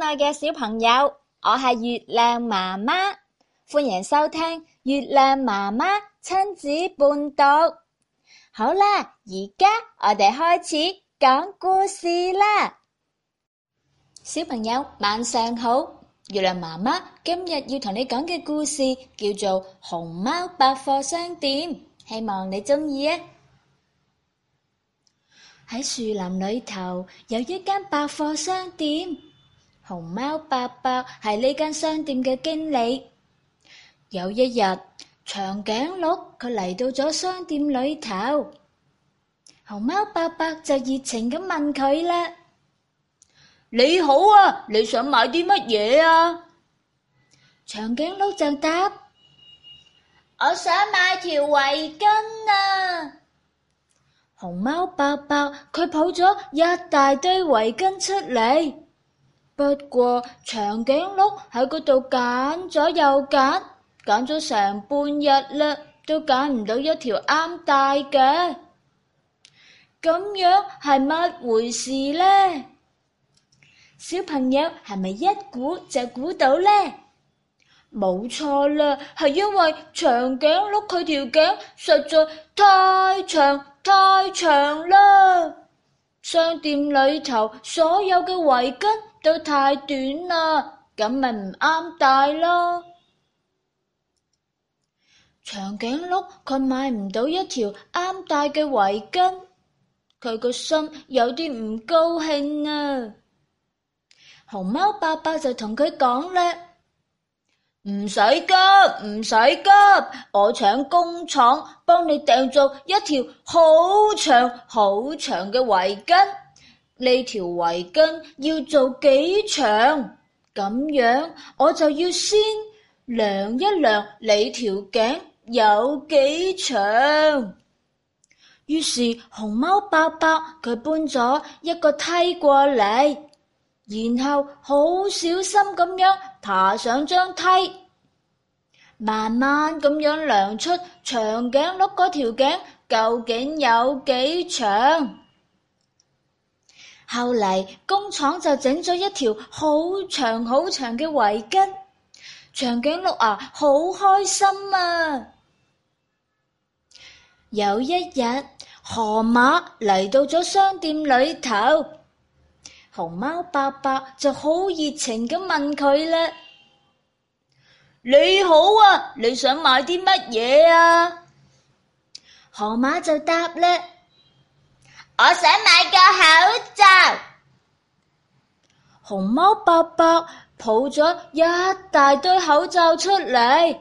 親愛嘅小朋友，我係月亮媽媽，歡迎收聽月亮媽媽親子伴讀。好啦，而家我哋開始講故事啦。小朋友晚上好，月亮媽媽今日要同你講嘅故事叫做《熊貓百貨商店》，希望你鍾意啊！喺樹林裏頭有一間百貨商店。熊貓伯伯係呢間商店嘅經理。有一日，長頸鹿佢嚟到咗商店裏頭，熊貓伯伯就熱情咁問佢啦：你好啊，你想買啲乜嘢啊？長頸鹿就答：我想買條圍巾啊。熊貓伯伯佢抱咗一大堆圍巾出嚟。不過長頸鹿喺嗰度揀咗又揀，揀咗成半日嘞，都揀唔到一條啱戴嘅，咁樣係乜回事呢？小朋友係咪一估就估到呢？冇錯啦，係因為長頸鹿佢條頸實在太長太長啦，商店裏頭所有嘅圍巾，都太短啦，咁咪唔啱戴咯。長頸鹿佢買唔到一條啱戴嘅圍巾，佢個心有啲唔高興啊。熊貓伯伯就同佢講咧：唔使急，唔使急，我請工廠幫你訂做一條好長、好長嘅圍巾。呢條圍巾要做幾長？咁樣我就要先量一量你條頸有幾長。於是熊貓伯伯佢搬咗一個梯過嚟，然後好小心咁樣爬上張梯，慢慢咁樣量出長頸鹿嗰條頸究竟有幾長。後嚟工廠就整咗一條好長好長嘅圍巾，長頸鹿啊好開心啊！有一日，河馬嚟到咗商店裏頭，熊貓伯伯就好熱情咁問佢咧：你好啊，你想買啲乜嘢啊？河馬就答咧。我想買個口罩。熊貓伯伯抱咗一大堆口罩出嚟，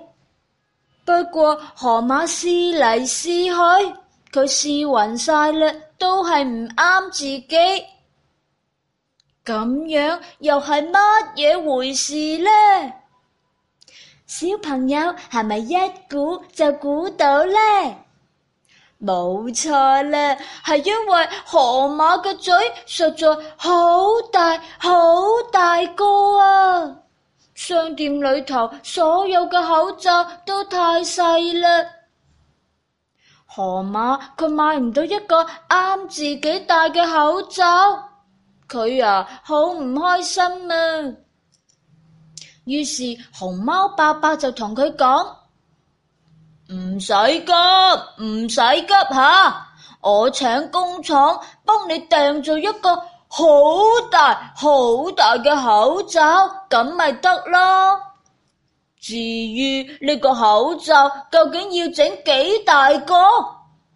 不過河馬試嚟試去，佢試暈晒嘞，都係唔啱自己。咁樣又係乜嘢回事呢？小朋友係咪一估就估到呢？冇錯啦，係因為河馬嘅嘴實在好大好大個啊！商店裏頭所有嘅口罩都太細啦，河馬佢買唔到一個啱自己戴嘅口罩，佢啊好唔開心啊！於是熊貓爸爸就同佢講。唔使急，唔使急吓！我請工廠幫你訂做一個好大、好大嘅口罩，咁咪得囉。至於呢個口罩究竟要整幾大個，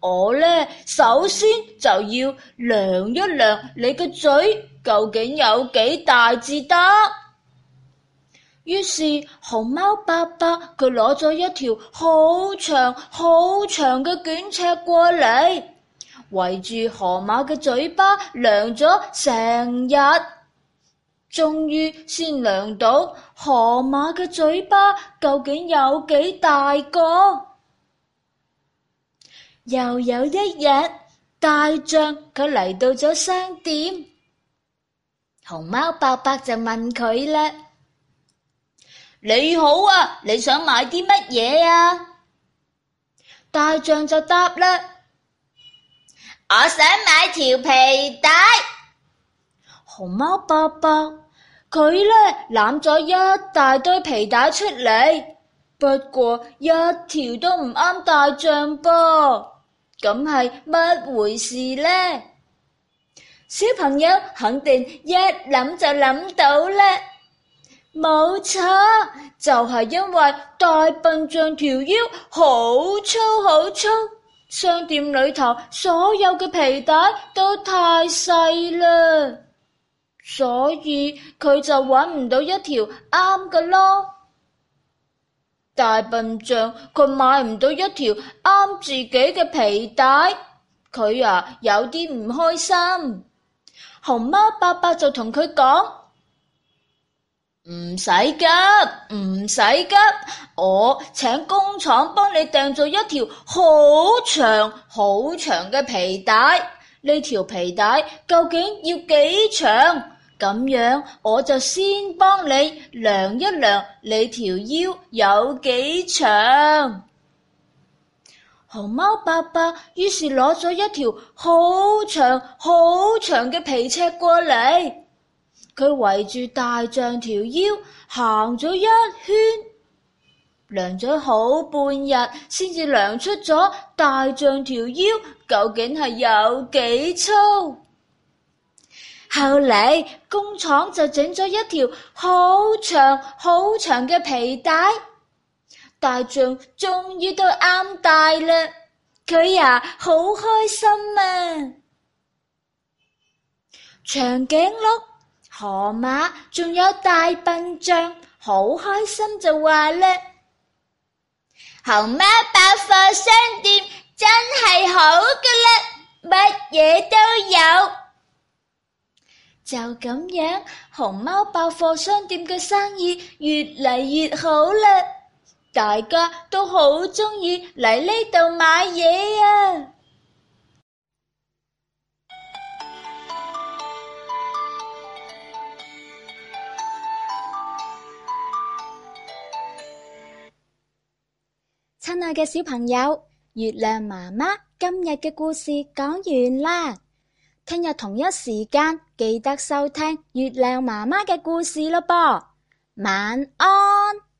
我呢首先就要量一量你嘅嘴究竟有幾大至得。於是熊貓伯伯佢攞咗一條好長好長嘅卷尺過嚟，圍住河馬嘅嘴巴量咗成日，終於先量到河馬嘅嘴巴究竟有幾大個。又有一日，大象佢嚟到咗商店，熊貓伯伯就問佢呢。你好啊，你想買啲乜嘢啊？大象就答啦，我想買條皮帶。熊貓伯伯佢呢攬咗一大堆皮帶出嚟，不過一條都唔啱大象噃。咁係乜回事呢？小朋友肯定一諗就諗到啦。冇錯，就係、是、因為大笨象條腰好粗好粗，商店裏頭所有嘅皮帶都太細啦，所以佢就揾唔到一條啱嘅咯。大笨象佢買唔到一條啱自己嘅皮帶，佢啊，有啲唔開心。熊貓爸爸就同佢講。唔使急，唔使急，我請工廠幫你訂做一條好長、好長嘅皮帶。呢條皮帶究竟要幾長？咁樣我就先幫你量一量，你條腰有幾長。熊貓伯伯於是攞咗一條好長、好長嘅皮尺過嚟。佢圍住大象條腰行咗一圈，量咗好半日，先至量出咗大象條腰究竟係有幾粗。後嚟工廠就整咗一條好長好長嘅皮帶，大象終於都啱大啦，佢呀好開心啊！長頸鹿。河馬仲有大笨象，好開心就話啦。熊貓百貨商店真係好噶啦，乜嘢都有。就咁樣，熊貓百貨商店嘅生意越嚟越好啦，大家都好鍾意嚟呢度買嘢啊！親愛嘅小朋友，月亮媽媽今日嘅故事講完啦，聽日同一時間記得收聽月亮媽媽嘅故事咯噃，晚安。